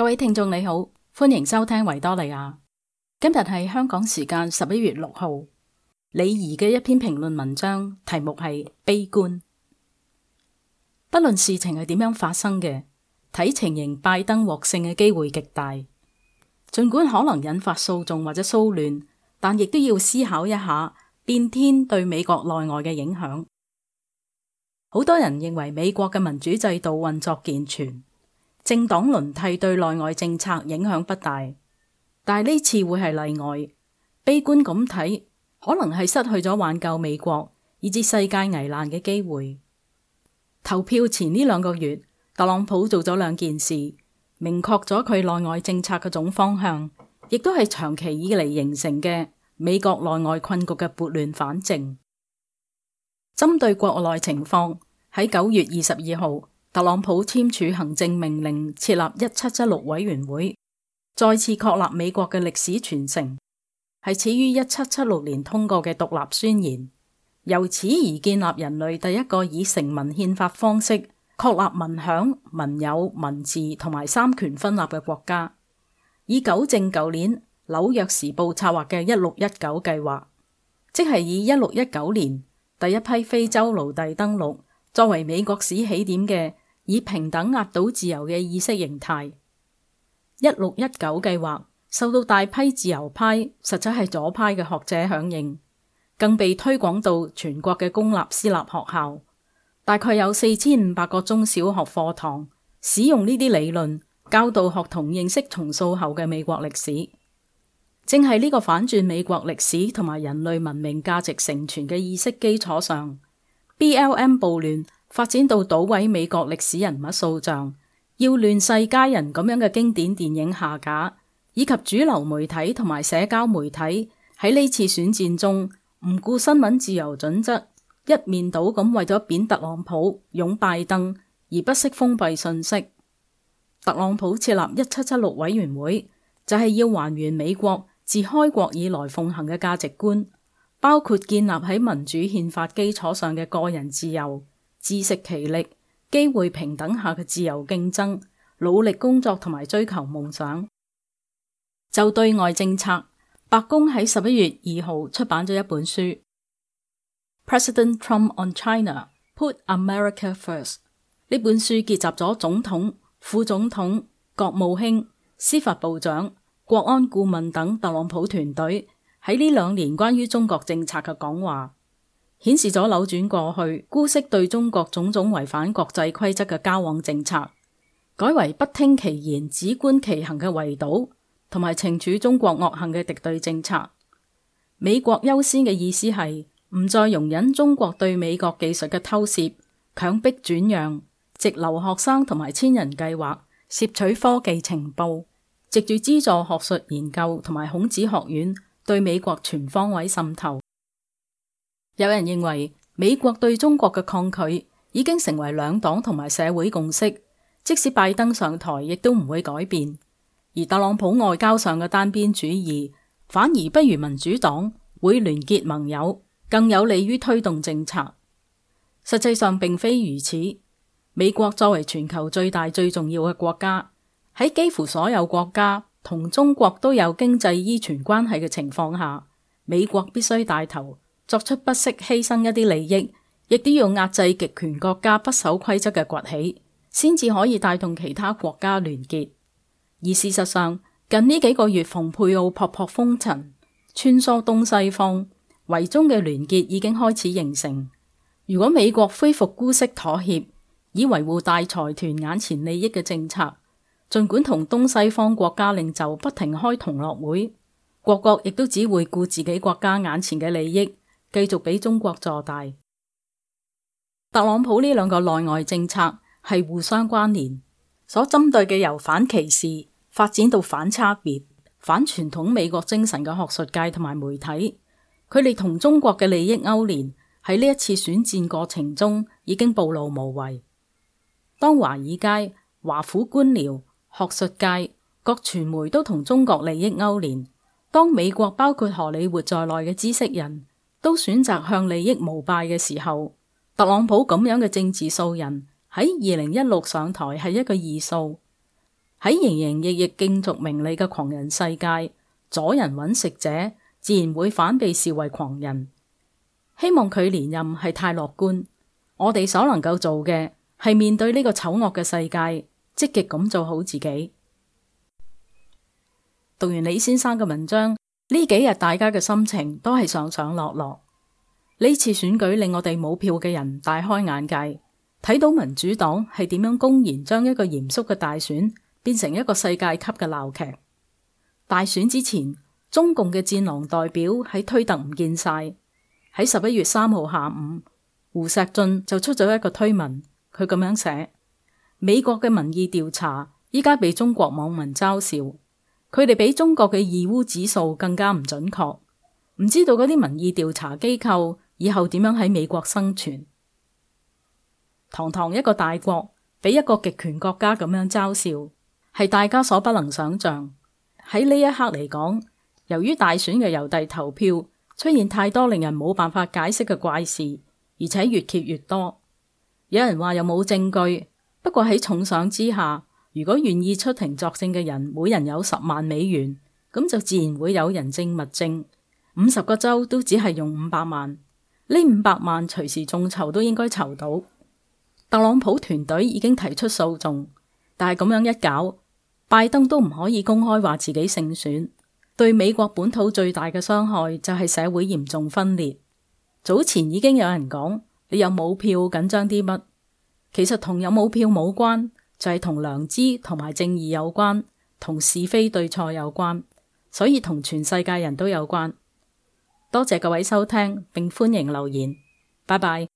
各位聽眾你好，歡迎收聽維多利亞。今日係香港時間十一月六號，李怡嘅一篇評論文章，題目係悲觀。不論事情係點樣發生嘅，睇情形，拜登獲勝嘅機會極大。盡管可能引發訴訟或者騷亂，但亦都要思考一下變天對美國內外嘅影響。好多人認為美國嘅民主制度運作健全。政黨輪替對內外政策影響不大，但係呢次會係例外。悲觀咁睇，可能係失去咗挽救美國以至世界危難嘅機會。投票前呢兩個月，特朗普做咗兩件事，明確咗佢內外政策嘅總方向，亦都係長期以嚟形成嘅美國內外困局嘅撥亂反正。針對國內情況，喺九月二十二號。特朗普簽署行政命令設立一七七六委員會，再次確立美國嘅歷史傳承，係始於一七七六年通過嘅獨立宣言，由此而建立人類第一個以成文憲法方式確立民享、民有、民治同埋三權分立嘅國家，以糾正舊年紐約時報策劃嘅一六一九計劃，即係以一六一九年第一批非洲奴隸登陸作為美國史起點嘅以平等壓倒自由嘅意識形態，一六一九計劃受到大批自由派，實際係左派嘅學者響應，更被推廣到全國嘅公立私立學校，大概有四千五百個中小學課堂使用呢啲理論，教導學童認識重塑後嘅美國歷史。正係呢個反轉美國歷史同埋人類文明價值成全嘅意識基礎上，BLM 暴亂。發展到倒毀美國歷史人物塑像，要亂世佳人咁樣嘅經典電影下架，以及主流媒體同埋社交媒體喺呢次選戰中唔顧新聞自由準則，一面倒咁為咗貶特朗普、擁拜登，而不惜封閉信息。特朗普設立一七七六委員會就係、是、要還原美國自開國以來奉行嘅價值觀，包括建立喺民主憲法基礎上嘅個人自由。自食其力、機會平等下嘅自由競爭，努力工作同埋追求夢想。就對外政策，白宮喺十一月二號出版咗一本書《President Trump on China: Put America First》。呢本書結集咗總統、副總統、國務卿、司法部長、國安顧問等特朗普團隊喺呢兩年關於中國政策嘅講話。顯示咗扭轉過去姑息對中國種種違反國際規則嘅交往政策，改為不聽其言只觀其行嘅圍堵，同埋懲處中國惡行嘅敵對政策。美國優先嘅意思係唔再容忍中國對美國技術嘅偷竊、強迫轉讓、直留學生同埋千人計劃攝取科技情報，藉住資助學術研究同埋孔子學院對美國全方位滲透。有人認為美國對中國嘅抗拒已經成為兩黨同埋社會共識，即使拜登上台亦都唔會改變。而特朗普外交上嘅單邊主義，反而不如民主黨會聯結盟友，更有利於推動政策。實際上並非如此。美國作為全球最大最重要嘅國家，喺幾乎所有國家同中國都有經濟依存關係嘅情況下，美國必須帶頭。作出不惜犧牲一啲利益，亦都要壓制極權國家不守規則嘅崛起，先至可以帶動其他國家聯結。而事實上，近呢幾個月，蓬佩奧僕僕風塵穿梭東西方，圍中嘅聯結已經開始形成。如果美國恢復姑息妥協，以維護大財團眼前利益嘅政策，儘管同東西方國家領袖不停開同樂會，各國亦都只會顧自己國家眼前嘅利益。繼續俾中國坐大。特朗普呢兩個內外政策係互相關聯，所針對嘅，由反歧視發展到反差別、反傳統美國精神嘅學術界同埋媒體，佢哋同中國嘅利益勾連喺呢一次選戰過程中已經暴露無遺。當華爾街、華府官僚、學術界、各傳媒都同中國利益勾連，當美國包括荷里活在內嘅知識人。都選擇向利益膜拜嘅時候，特朗普咁樣嘅政治素人喺二零一六上台係一個異數。喺營營役役競逐名利嘅狂人世界，阻人揾食者自然會反被視為狂人。希望佢連任係太樂觀。我哋所能夠做嘅係面對呢個醜惡嘅世界，積極咁做好自己。讀完李先生嘅文章。呢幾日大家嘅心情都係上上落落。呢次選舉令我哋冇票嘅人大開眼界，睇到民主黨係點樣公然將一個嚴肅嘅大選變成一個世界級嘅鬧劇。大選之前，中共嘅戰狼代表喺推特唔見晒。喺十一月三號下午，胡錫進就出咗一個推文，佢咁樣寫：美國嘅民意調查依家被中國網民嘲笑。佢哋比中國嘅義烏指數更加唔準確，唔知道嗰啲民意調查機構以後點樣喺美國生存。堂堂一個大國，俾一個極權國家咁樣嘲笑，係大家所不能想象。喺呢一刻嚟講，由於大選嘅郵遞投票出現太多令人冇辦法解釋嘅怪事，而且越揭越多，有人話又冇證據。不過喺重賞之下。如果願意出庭作證嘅人，每人有十萬美元，咁就自然會有人證物證。五十個州都只係用五百萬，呢五百萬隨時眾籌都應該籌到。特朗普團隊已經提出訴訟，但係咁樣一搞，拜登都唔可以公開話自己勝選。對美國本土最大嘅傷害就係社會嚴重分裂。早前已經有人講，你有冇票？緊張啲乜？其實同有冇票冇關。就係同良知同埋正義有關，同是非對錯有關，所以同全世界人都有關。多謝各位收聽，並歡迎留言。拜拜。